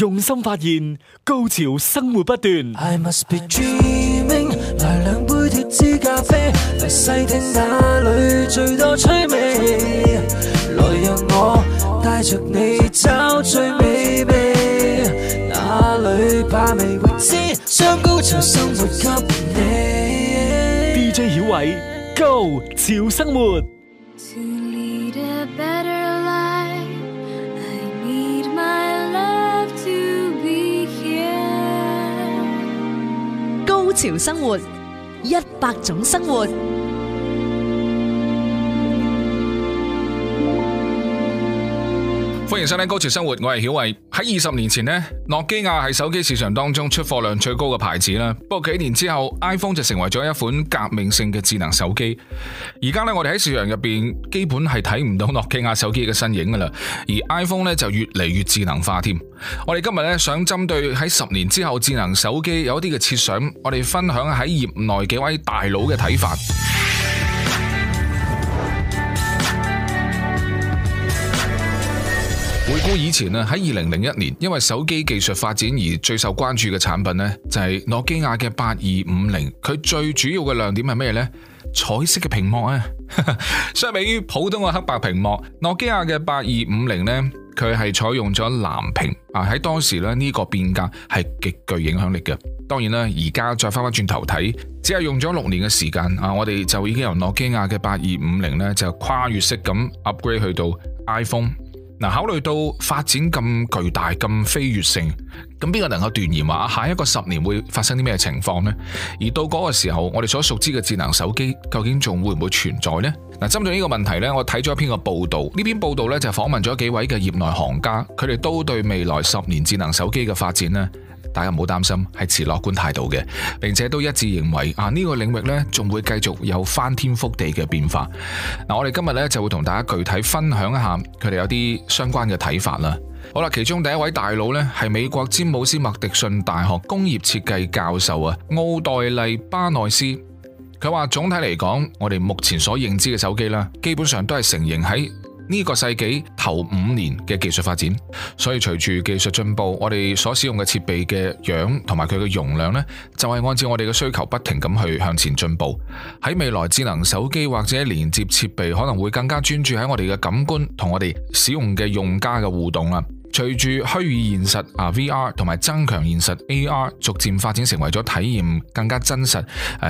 用心發現高潮生活不斷。DJ 曉偉，Go 潮生活。潮生活，一百種生活。歡迎收聽《高潮生活》，我係曉慧。喺二十年前咧，諾基亞係手機市場當中出貨量最高嘅牌子啦。不過幾年之後，iPhone 就成為咗一款革命性嘅智能手機。而家咧，我哋喺市場入邊基本係睇唔到諾基亞手機嘅身影噶啦。而 iPhone 咧就越嚟越智能化添。我哋今日咧想針對喺十年之後智能手機有啲嘅設想，我哋分享喺業內幾位大佬嘅睇法。回顧以前啊，喺二零零一年，因為手機技術發展而最受關注嘅產品咧，就係諾基亞嘅八二五零。佢最主要嘅亮點係咩呢？彩色嘅屏幕啊！ 相比於普通嘅黑白屏幕，諾基亞嘅八二五零呢，佢係採用咗藍屏啊！喺當時咧，呢個變革係極具影響力嘅。當然啦，而家再翻翻轉頭睇，只係用咗六年嘅時間啊，我哋就已經由諾基亞嘅八二五零呢，就跨越式咁 upgrade 去到 iPhone。嗱，考慮到發展咁巨大、咁飛躍性，咁邊個能夠斷言話下一個十年會發生啲咩情況呢？而到嗰個時候，我哋所熟知嘅智能手機究竟仲會唔會存在呢？嗱，針對呢個問題咧，我睇咗一篇個報導，呢篇報導呢，就訪問咗幾位嘅業內行家，佢哋都對未來十年智能手機嘅發展咧。大家唔好擔心，係持樂觀態度嘅，並且都一致認為啊呢、這個領域咧仲會繼續有翻天覆地嘅變化。嗱、啊，我哋今日咧就會同大家具體分享一下佢哋有啲相關嘅睇法啦。好啦，其中第一位大佬呢係美國詹姆斯麥迪遜大學工業設計教授啊，奧黛麗巴內斯。佢話總體嚟講，我哋目前所認知嘅手機咧，基本上都係成形喺呢個世紀頭五年嘅技術發展，所以隨住技術進步，我哋所使用嘅設備嘅樣同埋佢嘅容量呢，就係按照我哋嘅需求不停咁去向前進步。喺未來，智能手機或者連接設備可能會更加專注喺我哋嘅感官同我哋使用嘅用家嘅互動啦。隨住虛擬現實啊 VR 同埋增強現實 AR 逐漸發展成為咗體驗更加真實，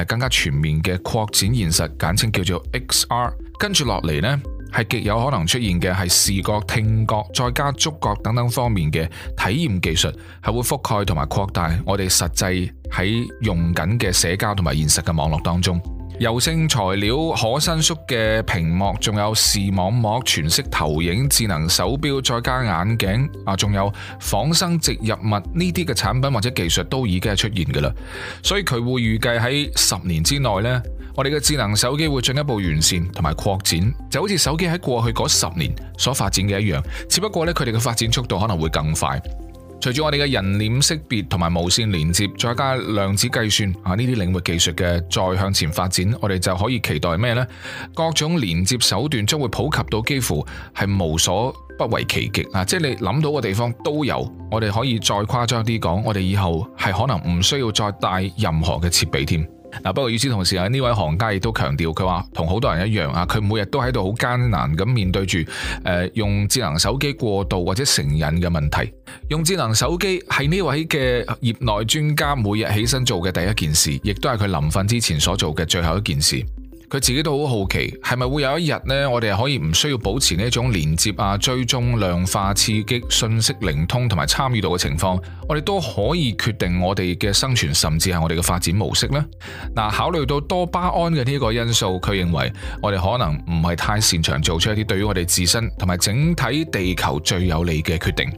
更加全面嘅擴展現實，簡稱叫做 XR。跟住落嚟呢。係極有可能出現嘅，係視覺、聽覺，再加觸覺等等方面嘅體驗技術，係會覆蓋同埋擴大我哋實際喺用緊嘅社交同埋現實嘅網絡當中。柔性材料、可伸縮嘅屏幕，仲有視網膜、全息投影、智能手錶，再加眼鏡啊，仲有仿生植入物呢啲嘅產品或者技術都已經係出現㗎喇。所以佢會預計喺十年之內呢，我哋嘅智能手機會進一步完善同埋擴展，就好似手機喺過去嗰十年所發展嘅一樣，只不過呢佢哋嘅發展速度可能會更快。隨住我哋嘅人臉識別同埋無線連接，再加量子計算啊呢啲領域技術嘅再向前發展，我哋就可以期待咩呢？各種連接手段將會普及到幾乎係無所不為其極啊！即係你諗到嘅地方都有，我哋可以再誇張啲講，我哋以後係可能唔需要再帶任何嘅設備添。嗱，不過與此同時啊，呢位行家亦都強調，佢話同好多人一樣啊，佢每日都喺度好艱難咁面對住，誒、呃、用智能手機過度或者成癮嘅問題。用智能手機係呢位嘅業內專家每日起身做嘅第一件事，亦都係佢臨瞓之前所做嘅最後一件事。佢自己都好好奇，係咪會有一日呢？我哋可以唔需要保持呢一種連接啊、追蹤、量化、刺激、信息靈通同埋參與度嘅情況，我哋都可以決定我哋嘅生存，甚至係我哋嘅發展模式呢？嗱，考慮到多巴胺嘅呢個因素，佢認為我哋可能唔係太擅長做出一啲對於我哋自身同埋整體地球最有利嘅決定。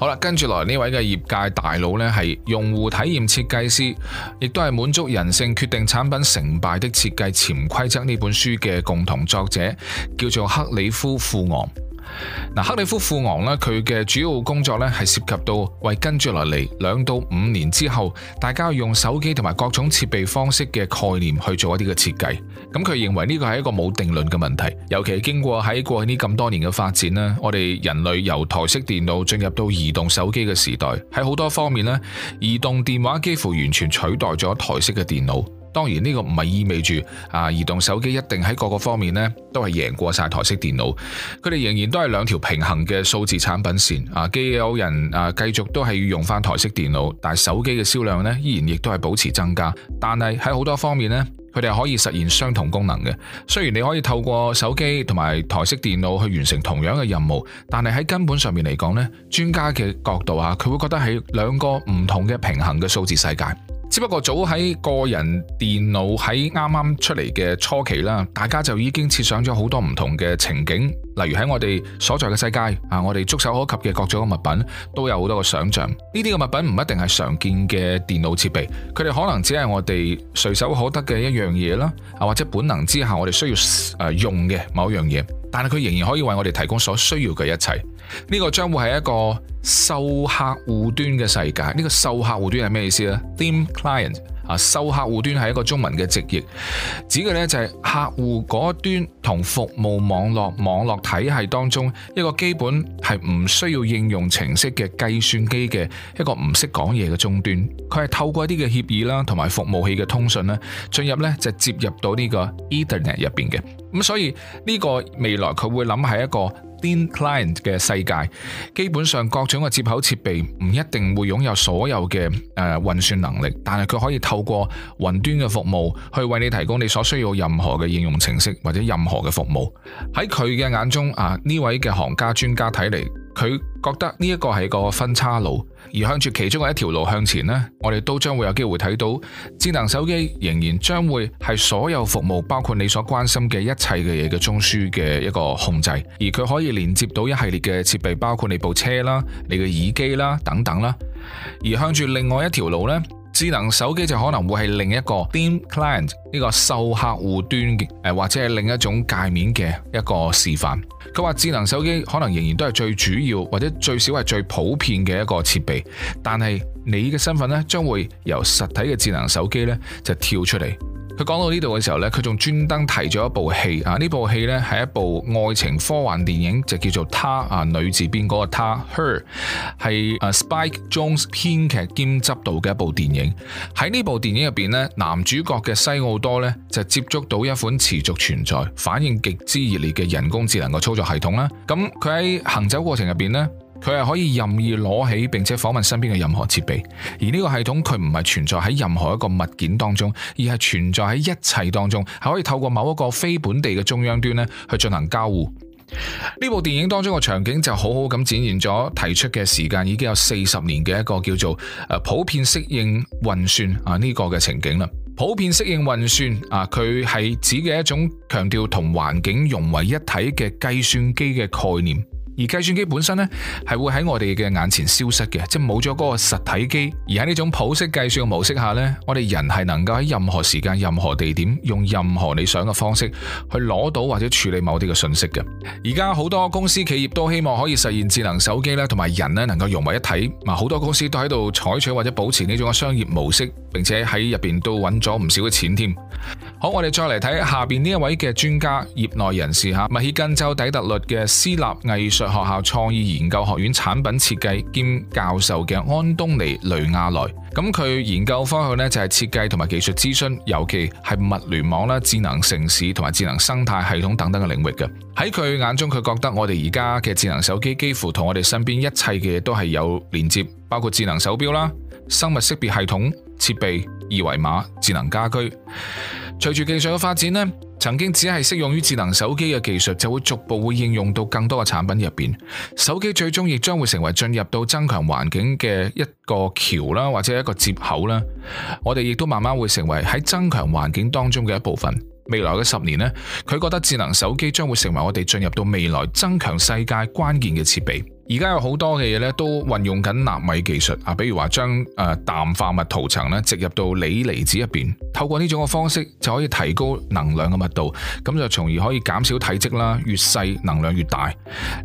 好啦，跟住來呢位嘅業界大佬呢，係用戶體驗設計師，亦都係滿足人性決定產品成敗的設計潛規則呢本書嘅共同作者，叫做克里夫富昂。嗱，克里夫富昂咧，佢嘅主要工作咧係涉及到為跟住落嚟兩到五年之後，大家用手機同埋各種設備方式嘅概念去做一啲嘅設計。咁佢認為呢個係一個冇定論嘅問題，尤其經過喺過去呢咁多年嘅發展呢，我哋人類由台式電腦進入到移動手機嘅時代，喺好多方面呢，移動電話幾乎完全取代咗台式嘅電腦。當然，呢個唔係意味住啊，移動手機一定喺各個方面咧都係贏過晒台式電腦。佢哋仍然都係兩條平衡嘅數字產品線啊，既有人啊繼續都係要用翻台式電腦，但係手機嘅銷量咧依然亦都係保持增加。但係喺好多方面咧，佢哋可以實現相同功能嘅。雖然你可以透過手機同埋台式電腦去完成同樣嘅任務，但係喺根本上面嚟講咧，專家嘅角度啊，佢會覺得係兩個唔同嘅平衡嘅數字世界。只不過早喺個人電腦喺啱啱出嚟嘅初期啦，大家就已經設想咗好多唔同嘅情景，例如喺我哋所在嘅世界啊，我哋觸手可及嘅各種嘅物品，都有好多嘅想象。呢啲嘅物品唔一定係常見嘅電腦設備，佢哋可能只係我哋隨手可得嘅一樣嘢啦，啊或者本能之下我哋需要誒用嘅某一樣嘢，但係佢仍然可以為我哋提供所需要嘅一切。呢個將會係一個瘦客戶端嘅世界。呢、這個瘦客戶端係咩意思呢？Thin client 啊，瘦客戶端係一個中文嘅直譯，指嘅呢就係客戶嗰端同服務網絡網絡體系當中一個基本係唔需要應用程式嘅計算機嘅一個唔識講嘢嘅終端。佢係透過一啲嘅協議啦，同埋服務器嘅通訊呢進入呢，就接入到呢個 Ethernet 入邊嘅。咁所以呢個未來佢會諗係一個 thin client 嘅世界，基本上各種嘅接口設備唔一定會擁有所有嘅誒、呃、運算能力，但係佢可以透過雲端嘅服務去為你提供你所需要任何嘅應用程式或者任何嘅服務。喺佢嘅眼中，啊呢位嘅行家專家睇嚟。佢覺得呢一個係個分叉路，而向住其中嘅一條路向前呢，我哋都將會有機會睇到智能手機仍然將會係所有服務，包括你所關心嘅一切嘅嘢嘅中樞嘅一個控制，而佢可以連接到一系列嘅設備，包括你部車啦、你嘅耳機啦等等啦。而向住另外一條路呢。智能手機就可能會係另一個 thin client 呢個瘦客戶端嘅誒，或者係另一種界面嘅一個示範。佢話智能手機可能仍然都係最主要或者最少係最普遍嘅一個設備，但係你嘅身份咧，將會由實體嘅智能手機咧就跳出嚟。佢講到呢度嘅時候呢，佢仲專登提咗一部戲啊！呢部戲呢，係一部愛情科幻電影，就叫做《她》啊，女字邊嗰個她 （Her） 係 Spike Jones 編劇兼執導嘅一部電影。喺呢部電影入邊呢，男主角嘅西奧多呢，就接觸到一款持續存在、反應極之熱烈嘅人工智能嘅操作系統啦。咁佢喺行走過程入邊呢。佢係可以任意攞起，並且訪問身邊嘅任何設備。而呢個系統佢唔係存在喺任何一個物件當中，而係存在喺一切當中，係可以透過某一個非本地嘅中央端咧去進行交互。呢部電影當中嘅場景就好好咁展現咗提出嘅時間已經有四十年嘅一個叫做誒普遍適應運算啊呢個嘅情景啦。普遍適應運算啊，佢係指嘅一種強調同環境融為一體嘅計算機嘅概念。而計算機本身咧，係會喺我哋嘅眼前消失嘅，即係冇咗嗰個實體機。而喺呢種普適計算嘅模式下呢，我哋人係能夠喺任何時間、任何地點，用任何你想嘅方式去攞到或者處理某啲嘅信息嘅。而家好多公司企業都希望可以實現智能手機咧，同埋人咧能夠融為一體。嗱，好多公司都喺度採取或者保持呢種嘅商業模式，並且喺入邊都揾咗唔少嘅錢添。好，我哋再嚟睇下邊呢一位嘅專家業內人士吓，密歇根州底特律嘅私立藝術學校創意研究學院產品設計兼教授嘅安東尼雷亞萊，咁佢研究方向咧，就係設計同埋技術諮詢，尤其係物聯網啦、智能城市同埋智能生態系統等等嘅領域嘅。喺佢眼中，佢覺得我哋而家嘅智能手機幾乎同我哋身邊一切嘅嘢都係有連接，包括智能手錶啦、生物識別系統設備，二維碼、智能家居。隨住技術嘅發展咧，曾經只係適用於智能手機嘅技術，就會逐步會應用到更多嘅產品入邊。手機最終亦將會成為進入到增強環境嘅一個橋啦，或者一個接口啦。我哋亦都慢慢會成為喺增強環境當中嘅一部分。未來嘅十年咧，佢覺得智能手機將會成為我哋進入到未來增強世界關鍵嘅設備。而家有好多嘅嘢咧，都運用緊納米技術啊，比如話將誒氮化物塗層咧植入到鋰離子入邊，透過呢種嘅方式就可以提高能量嘅密度，咁就從而可以減少體積啦，越細能量越大。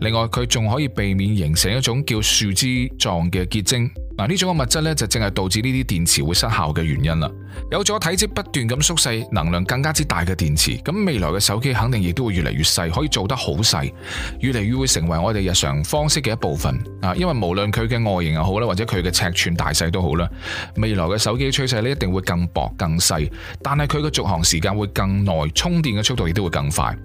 另外佢仲可以避免形成一種叫樹枝狀嘅結晶，嗱，呢種嘅物質咧就正係導致呢啲電池會失效嘅原因啦。有咗體積不斷咁縮細，能量更加之大嘅電池，咁未來嘅手機肯定亦都會越嚟越細，可以做得好細，越嚟越會成為我哋日常方式嘅部分啊，因為無論佢嘅外形又好啦，或者佢嘅尺寸大細都好啦，未來嘅手機趨勢咧，一定會更薄更細，但係佢嘅續航時間會更耐，充電嘅速度亦都會更快。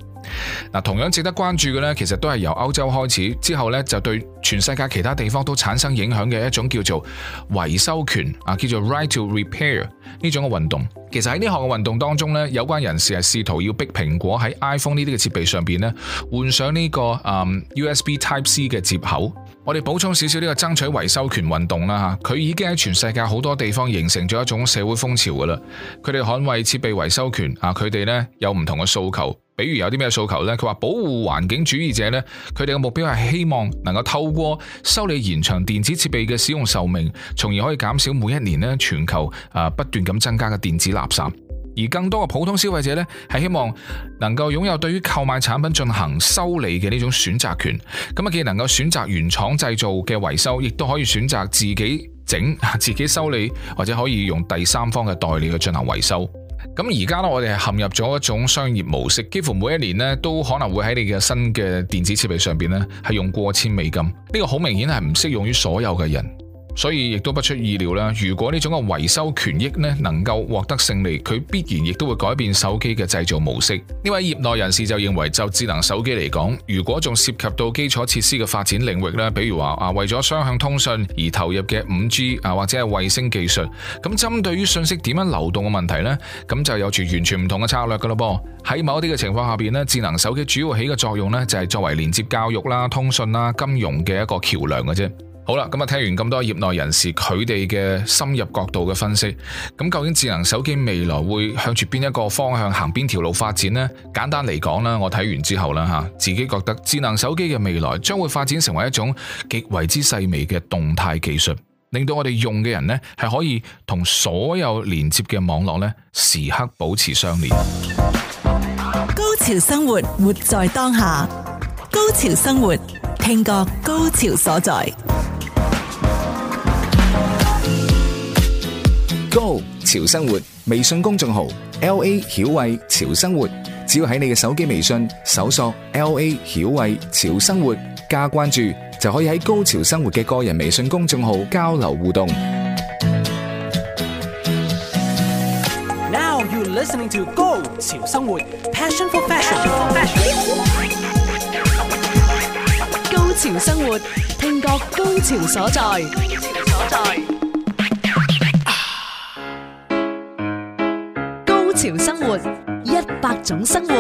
嗱，同樣值得關注嘅呢，其實都係由歐洲開始之後呢，就對全世界其他地方都產生影響嘅一種叫做維修權啊，叫做 Right to Repair 呢種嘅運動。其實喺呢項嘅運動當中呢，有關人士係試圖要逼蘋果喺 iPhone 呢啲嘅設備上邊呢換上呢個啊，um, USB Type C 嘅接口。我哋補充少少呢個爭取維修權運動啦，吓佢已經喺全世界好多地方形成咗一種社會風潮噶啦。佢哋捍衛設備維修權啊，佢哋呢有唔同嘅訴求。比如有啲咩訴求呢？佢話保護環境主義者呢，佢哋嘅目標係希望能夠透過修理延長電子設備嘅使用壽命，從而可以減少每一年呢全球啊不斷咁增加嘅電子垃圾。而更多嘅普通消費者呢，係希望能夠擁有對於購買產品進行修理嘅呢種選擇權。咁啊，既能夠選擇原廠製造嘅維修，亦都可以選擇自己整、自己修理，或者可以用第三方嘅代理去進行維修。咁而家咧，我哋係陷入咗一種商業模式，幾乎每一年咧都可能會喺你嘅新嘅電子設備上面呢係用過千美金。呢、這個好明顯係唔適用於所有嘅人。所以亦都不出意料啦。如果呢種嘅維修權益呢，能夠獲得勝利，佢必然亦都會改變手機嘅製造模式。呢位業內人士就認為，就智能手機嚟講，如果仲涉及到基礎設施嘅發展領域啦，比如話啊為咗雙向通訊而投入嘅五 G 啊或者係衛星技術，咁針對於信息點樣流動嘅問題呢，咁就有住完全唔同嘅策略噶咯噃。喺某啲嘅情況下邊呢，智能手機主要起嘅作用呢，就係作為連接教育啦、通訊啦、金融嘅一個橋樑嘅啫。好啦，咁啊，聽完咁多業內人士佢哋嘅深入角度嘅分析，咁究竟智能手機未來會向住邊一個方向行，邊條路發展咧？簡單嚟講啦，我睇完之後啦吓，自己覺得智能手機嘅未來將會發展成為一種極為之細微嘅動態技術，令到我哋用嘅人咧係可以同所有連接嘅網絡咧時刻保持相連。高潮生活，活在當下；高潮生活，聽覺高潮所在。Go 潮生活微信公眾號，LA 曉慧潮生活，只要喺你嘅手機微信搜索 LA 曉慧潮生活加關注，就可以喺高潮生活嘅個人微信公眾號交流互動。Now you listening to Go 潮生活，Passion for Fashion，高潮生活，聽覺高潮所在，高潮所在。潮生活，一百種生活。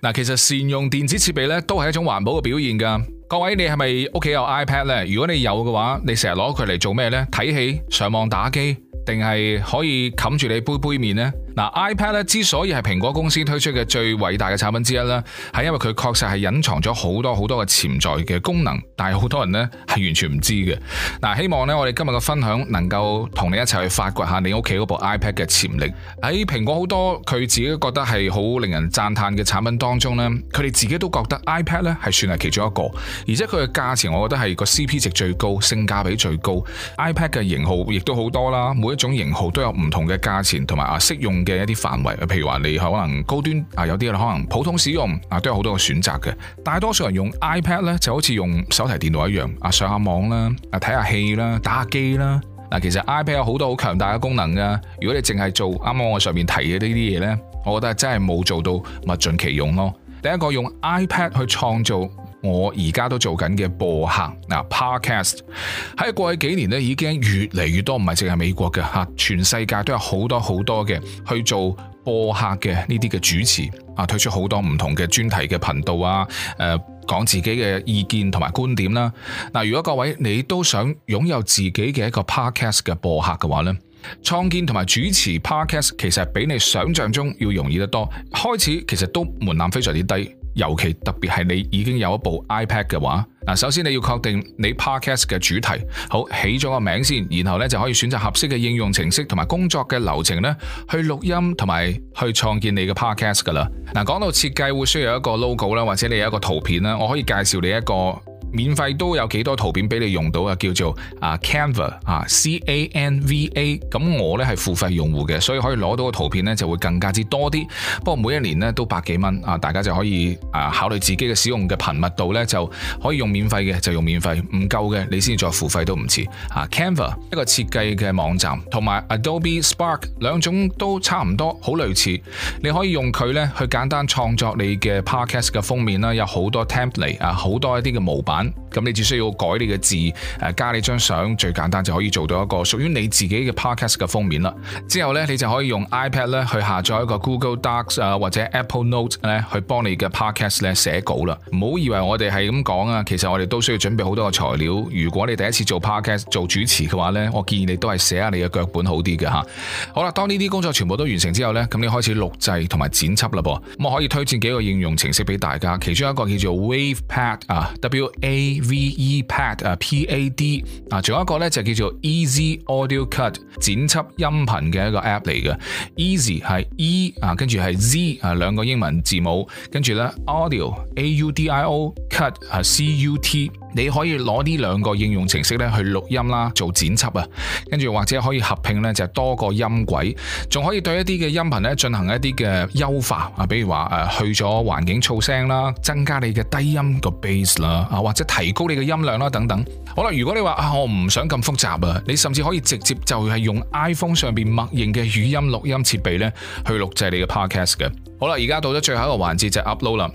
嗱，其實善用電子設備咧，都係一種環保嘅表現㗎。各位，你係咪屋企有 iPad 咧？如果你有嘅話，你成日攞佢嚟做咩呢？睇戲、上網打、打機，定係可以冚住你杯杯麵呢？嗱 iPad 咧，之所以係蘋果公司推出嘅最偉大嘅產品之一咧，係因為佢確實係隱藏咗好多好多嘅潛在嘅功能，但係好多人呢係完全唔知嘅。嗱，希望呢，我哋今日嘅分享能夠同你一齊去發掘下你屋企嗰部 iPad 嘅潛力。喺蘋果好多佢自己覺得係好令人讚嘆嘅產品當中呢，佢哋自己都覺得 iPad 咧係算係其中一個，而且佢嘅價錢我覺得係個 CP 值最高，性價比最高。iPad 嘅型號亦都好多啦，每一種型號都有唔同嘅價錢同埋啊適用。嘅一啲範圍，譬如話你可能高端啊，有啲可能普通使用啊，都有好多嘅選擇嘅。大多數人用 iPad 咧，就好似用手提電腦一樣，啊上下網啦，啊睇下戲啦，打下機啦。嗱、啊，其實 iPad 有好多好強大嘅功能噶。如果你淨係做啱啱我上面提嘅呢啲嘢呢，我覺得真係冇做到物盡其用咯。第一個用 iPad 去創造。我而家都在做緊嘅播客嗱、啊、podcast 喺過去幾年咧，已經越嚟越多，唔係淨係美國嘅嚇、啊，全世界都有好多好多嘅去做播客嘅呢啲嘅主持啊，推出好多唔同嘅專題嘅頻道啊，誒講自己嘅意見同埋觀點啦。嗱、啊，如果各位你都想擁有自己嘅一個 podcast 嘅播客嘅話呢，創建同埋主持 podcast 其實比你想象中要容易得多，開始其實都門檻非常之低。尤其特別係你已經有一部 iPad 嘅話，嗱，首先你要確定你 Podcast 嘅主題，好起咗個名先，然後呢就可以選擇合適嘅應用程式同埋工作嘅流程呢，去錄音同埋去創建你嘅 Podcast 噶啦。嗱，講到設計會需要一個 logo 啦，或者你有一個圖片啦，我可以介紹你一個。免費都有幾多圖片俾你用到啊？叫做啊 Canva 啊 C-A-N-V-A，咁我呢係付費用戶嘅，所以可以攞到嘅圖片呢就會更加之多啲。不過每一年呢都百幾蚊啊，大家就可以啊考慮自己嘅使用嘅頻密度呢，就可以用免費嘅就用免費，唔夠嘅你先再付費都唔遲啊。Canva 一個設計嘅網站，同埋 Adobe Spark 兩種都差唔多，好類似。你可以用佢呢去簡單創作你嘅 podcast 嘅封面啦，有好多 template 啊，好多一啲嘅模板。咁你只需要改你嘅字，誒，加你張相，最簡單就可以做到一個屬於你自己嘅 podcast 嘅封面啦。之後呢，你就可以用 iPad 咧，去下載一個 Google Docs 啊，或者 Apple Notes 咧，去幫你嘅 podcast 咧寫稿啦。唔好以為我哋係咁講啊，其實我哋都需要準備好多個材料。如果你第一次做 podcast 做主持嘅話呢，我建議你都係寫下你嘅腳本好啲嘅吓。好啦，當呢啲工作全部都完成之後呢，咁你開始錄製同埋剪輯啦噃。咁我可以推薦幾個應用程式俾大家，其中一個叫做 WavePad 啊，W A V E PAD 啊，P, AD, P A D 啊，仲有一個咧就叫做 Easy Audio Cut 剪輯音頻嘅一個 app 嚟嘅。Easy 係 E 啊，e, 跟住係 Z 啊，兩個英文字母，跟住咧 Audio A U D I O Cut 啊，C U T。你可以攞呢兩個應用程式咧去錄音啦，做剪輯啊，跟住或者可以合併咧就多個音軌，仲可以對一啲嘅音頻咧進行一啲嘅優化啊，比如話誒去咗環境噪聲啦，增加你嘅低音個 bass 啦啊即提高你嘅音量啦，等等。好啦，如果你話啊，我唔想咁複雜啊，你甚至可以直接就係用 iPhone 上邊默認嘅語音錄音設備咧，去錄製你嘅 Podcast 嘅。好啦，而家到咗最後一個環節就係 upload 啦。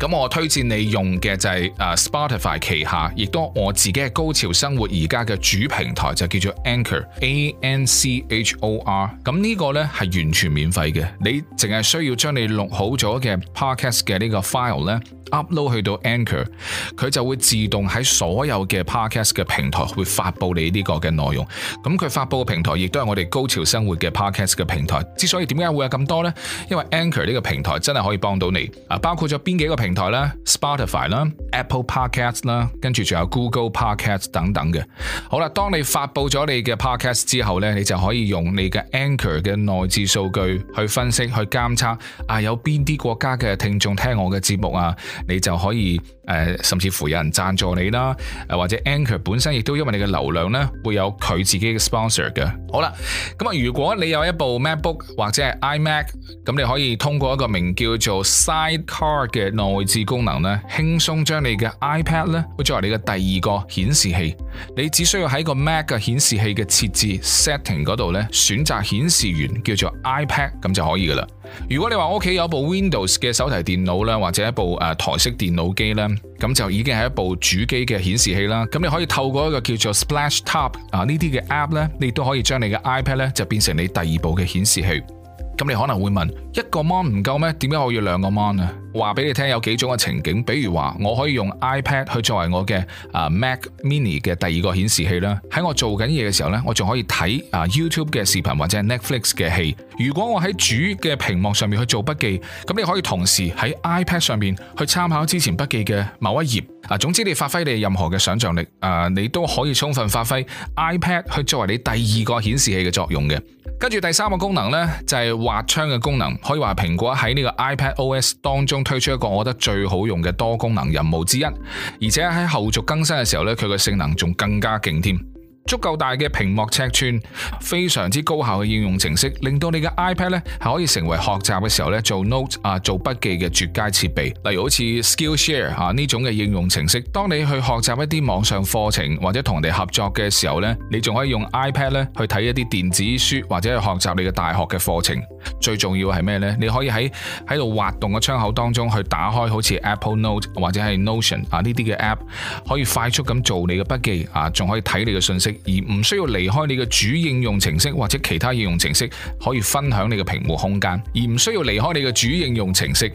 咁我推薦你用嘅就係誒 Spotify 旗下，亦都我自己嘅高潮生活而家嘅主平台就叫做 Anchor A N C H O R。咁呢個咧係完全免費嘅，你淨係需要將你錄好咗嘅 Podcast 嘅呢個 file 咧 upload 去到 Anchor，佢就會自動喺所有嘅 Podcast 嘅平台會發布你呢個嘅內容。咁佢發布嘅平台亦都係我哋高潮生活嘅 Podcast 嘅平台。之所以點解會有咁多咧？因為 Anchor 呢個平台真係可以幫到你啊！包括咗邊幾個平台。平台啦，Spotify 啦，Apple Podcast 啦，跟住仲有 Google Podcast 等等嘅。好啦，當你發佈咗你嘅 Podcast 之後咧，你就可以用你嘅 Anchor 嘅內置數據去分析、去監測啊，有邊啲國家嘅聽眾聽我嘅節目啊，你就可以誒、呃，甚至乎有人贊助你啦，誒或者 Anchor 本身亦都因為你嘅流量咧會有佢自己嘅 sponsor 嘅。好啦，咁啊，如果你有一部 MacBook 或者係 iMac，咁你可以通過一個名叫做 Sidecar 嘅。配置功能咧，輕鬆將你嘅 iPad 咧，會作為你嘅第二個顯示器。你只需要喺個 Mac 嘅顯示器嘅設置 setting 嗰度咧，選擇顯示源叫做 iPad 咁就可以噶啦。如果你話我屋企有部 Windows 嘅手提電腦啦，或者一部誒、啊、台式電腦機咧，咁就已經係一部主機嘅顯示器啦。咁你可以透過一個叫做 Splash Top 啊呢啲嘅 App 咧，你都可以將你嘅 iPad 咧就變成你第二部嘅顯示器。咁你可能會問，一個 Mon 唔夠咩？點解我要兩個 Mon 啊？話俾你聽有幾種嘅情景，比如話我可以用 iPad 去作為我嘅啊 Mac Mini 嘅第二個顯示器啦。喺我做緊嘢嘅時候呢，我仲可以睇啊 YouTube 嘅視頻或者係 Netflix 嘅戲。如果我喺主嘅屏幕上面去做筆記，咁你可以同時喺 iPad 上面去參考之前筆記嘅某一頁。啊，總之你發揮你任何嘅想象力，誒，你都可以充分發揮 iPad 去作為你第二個顯示器嘅作用嘅。跟住第三個功能呢，就係、是、滑窗嘅功能，可以話蘋果喺呢個 iPadOS 當中。推出一個我覺得最好用嘅多功能任務之一，而且喺後續更新嘅時候咧，佢嘅性能仲更加勁添。足夠大嘅屏幕尺寸，非常之高效嘅應用程式，令到你嘅 iPad 咧係可以成為學習嘅時候咧做 note 啊做筆記嘅絕佳設備。例如好似 Skillshare 啊呢種嘅應用程式，當你去學習一啲網上課程或者同人哋合作嘅時候咧，你仲可以用 iPad 咧去睇一啲電子書或者去學習你嘅大學嘅課程。最重要係咩咧？你可以喺喺度滑動嘅窗口當中去打開好似 Apple Note 或者係 Notion 啊呢啲嘅 App，可以快速咁做你嘅筆記啊，仲可以睇你嘅信息。而唔需要離開你嘅主應用程式或者其他應用程式，可以分享你嘅屏幕空間，而唔需要離開你嘅主應用程式。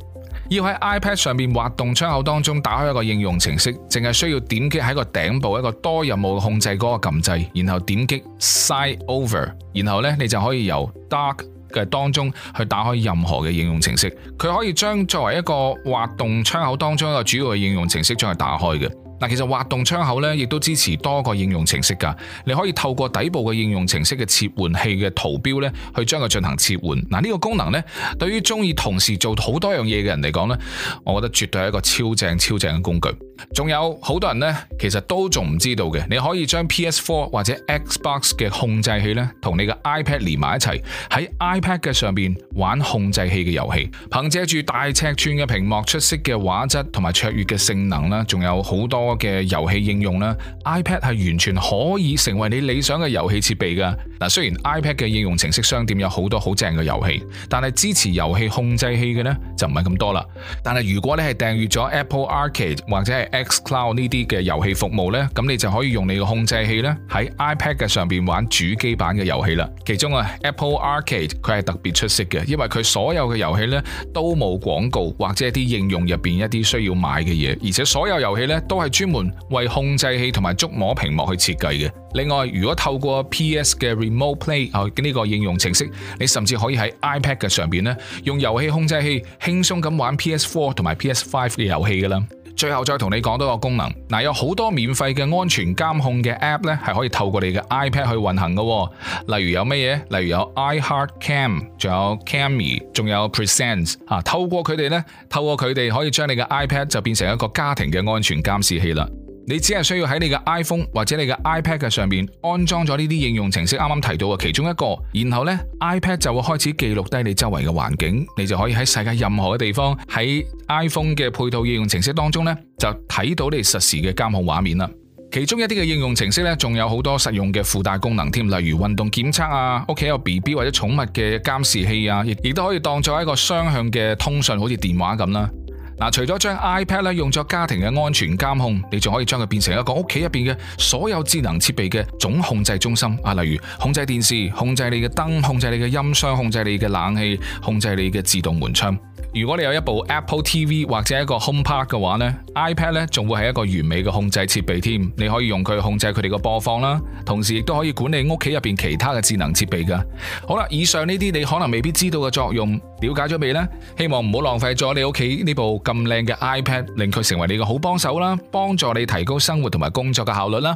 要喺 iPad 上面滑動窗口當中打開一個應用程式，淨係需要點擊喺個頂部一個多任務控制嗰個撳掣，然後點擊 Slide Over，然後呢，你就可以由 Dock 嘅當中去打開任何嘅應用程式。佢可以將作為一個滑動窗口當中一個主要嘅應用程式將佢打開嘅。嗱，其實滑動窗口咧，亦都支持多個應用程式㗎。你可以透過底部嘅應用程式嘅切換器嘅圖標咧，去將佢進行切換。嗱，呢個功能咧，對於鍾意同時做好多樣嘢嘅人嚟講咧，我覺得絕對係一個超正超正嘅工具。仲有好多人呢，其實都仲唔知道嘅，你可以將 PS4 或者 Xbox 嘅控制器呢，同你嘅 iPad 連埋一齊，喺 iPad 嘅上邊玩控制器嘅遊戲。憑借住大尺寸嘅屏幕，出色嘅畫質同埋卓越嘅性能啦，仲有好多嘅遊戲應用啦，iPad 係完全可以成為你理想嘅遊戲設備噶。嗱，雖然 iPad 嘅應用程式商店有好多好正嘅遊戲，但係支持遊戲控制器嘅呢，就唔係咁多啦。但係如果你係訂閱咗 Apple Arcade 或者係，X Cloud 呢啲嘅遊戲服務呢，咁你就可以用你個控制器呢喺 iPad 嘅上邊玩主機版嘅遊戲啦。其中啊，Apple Arcade 佢係特別出色嘅，因為佢所有嘅遊戲呢都冇廣告或者一啲應用入邊一啲需要買嘅嘢，而且所有遊戲呢都係專門為控制器同埋觸摸屏幕去設計嘅。另外，如果透過 PS 嘅 Remote Play 啊呢個應用程式，你甚至可以喺 iPad 嘅上邊呢用遊戲控制器輕鬆咁玩 PS4 同埋 PS5 嘅遊戲噶啦。最後再同你講多一個功能，嗱，有好多免費嘅安全監控嘅 app 咧，係可以透過你嘅 iPad 去運行噶、哦，例如有咩嘢？例如有 iHeartCam，仲有 Cammy，仲有 Presence 啊。透過佢哋咧，透過佢哋可以將你嘅 iPad 就變成一個家庭嘅安全監視器啦。你只係需要喺你嘅 iPhone 或者你嘅 iPad 嘅上面安裝咗呢啲應用程式，啱啱提到嘅其中一個，然後呢 iPad 就會開始記錄低你周圍嘅環境，你就可以喺世界任何嘅地方喺 iPhone 嘅配套應用程式當中呢，就睇到你實時嘅監控畫面啦。其中一啲嘅應用程式呢，仲有好多實用嘅附帶功能添，例如運動檢測啊，屋企有 BB 或者寵物嘅監視器啊，亦亦都可以當作一個雙向嘅通訊，好似電話咁啦。除咗將 iPad 用作家庭嘅安全監控，你仲可以將佢變成一個屋企入邊嘅所有智能設備嘅總控制中心，例如控制電視、控制你嘅燈、控制你嘅音箱、控制你嘅冷氣、控制你嘅自動門窗。如果你有一部 Apple TV 或者一個 HomePod 嘅話呢，iPad 咧仲會係一個完美嘅控制設備添，你可以用佢控制佢哋嘅播放啦，同時亦都可以管理屋企入邊其他嘅智能設備噶。好啦，以上呢啲你可能未必知道嘅作用，了解咗未呢？希望唔好浪費咗你屋企呢部咁靚嘅 iPad，令佢成為你嘅好幫手啦，幫助你提高生活同埋工作嘅效率啦。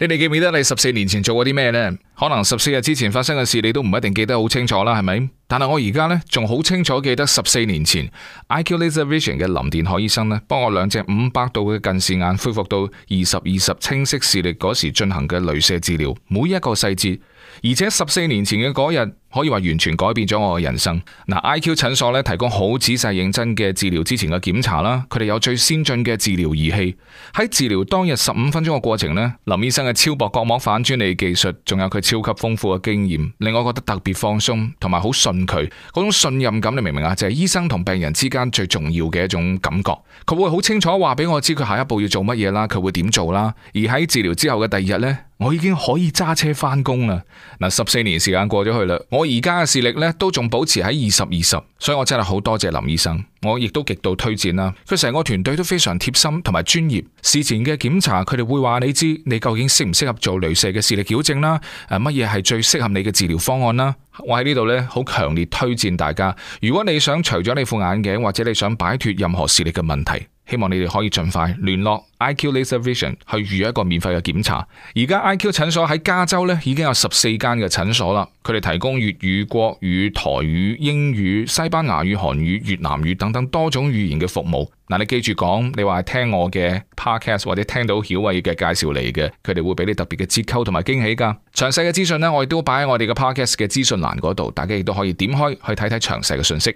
你哋記唔記得你十四年前做過啲咩呢？可能十四日之前發生嘅事，你都唔一定記得好清楚啦，係咪？但係我而家呢，仲好清楚記得十四年前，IQ Laser Vision 嘅林電海醫生呢，幫我兩隻五百度嘅近視眼恢復到二十二十清晰視力嗰時進行嘅鐳射治療，每一個細節。而且十四年前嘅嗰日，可以話完全改變咗我嘅人生。嗱，I.Q. 診所咧提供好仔細認真嘅治療，之前嘅檢查啦，佢哋有最先進嘅治療儀器。喺治療當日十五分鐘嘅過程咧，林醫生嘅超薄角膜反專利技術，仲有佢超級豐富嘅經驗，令我覺得特別放鬆，同埋好信佢嗰種信任感。你明唔明啊？就係、是、醫生同病人之間最重要嘅一種感覺。佢會好清楚話俾我知佢下一步要做乜嘢啦，佢會點做啦。而喺治療之後嘅第二日呢。我已經可以揸車返工啦！嗱，十四年時間過咗去啦，我而家嘅視力呢都仲保持喺二十二十，20，所以我真係好多謝林醫生，我亦都極度推薦啦。佢成個團隊都非常貼心同埋專業，事前嘅檢查佢哋會話你知你究竟適唔適合做雷射嘅視力矯正啦，乜嘢係最適合你嘅治療方案啦。我喺呢度呢，好強烈推薦大家，如果你想除咗你副眼鏡，或者你想擺脫任何視力嘅問題。希望你哋可以盡快聯絡 IQ Laser Vision 去預一個免費嘅檢查。而家 IQ 診所喺加州呢已經有十四間嘅診所啦，佢哋提供粵語、國語、台語、英語、西班牙語、韓語、越南語等等多種語言嘅服務。嗱，你記住講，你話係聽我嘅 podcast 或者聽到曉偉嘅介紹嚟嘅，佢哋會俾你特別嘅折扣同埋驚喜㗎。詳細嘅資訊呢，我亦都擺喺我哋嘅 podcast 嘅資訊欄嗰度，大家亦都可以點開去睇睇詳細嘅信息。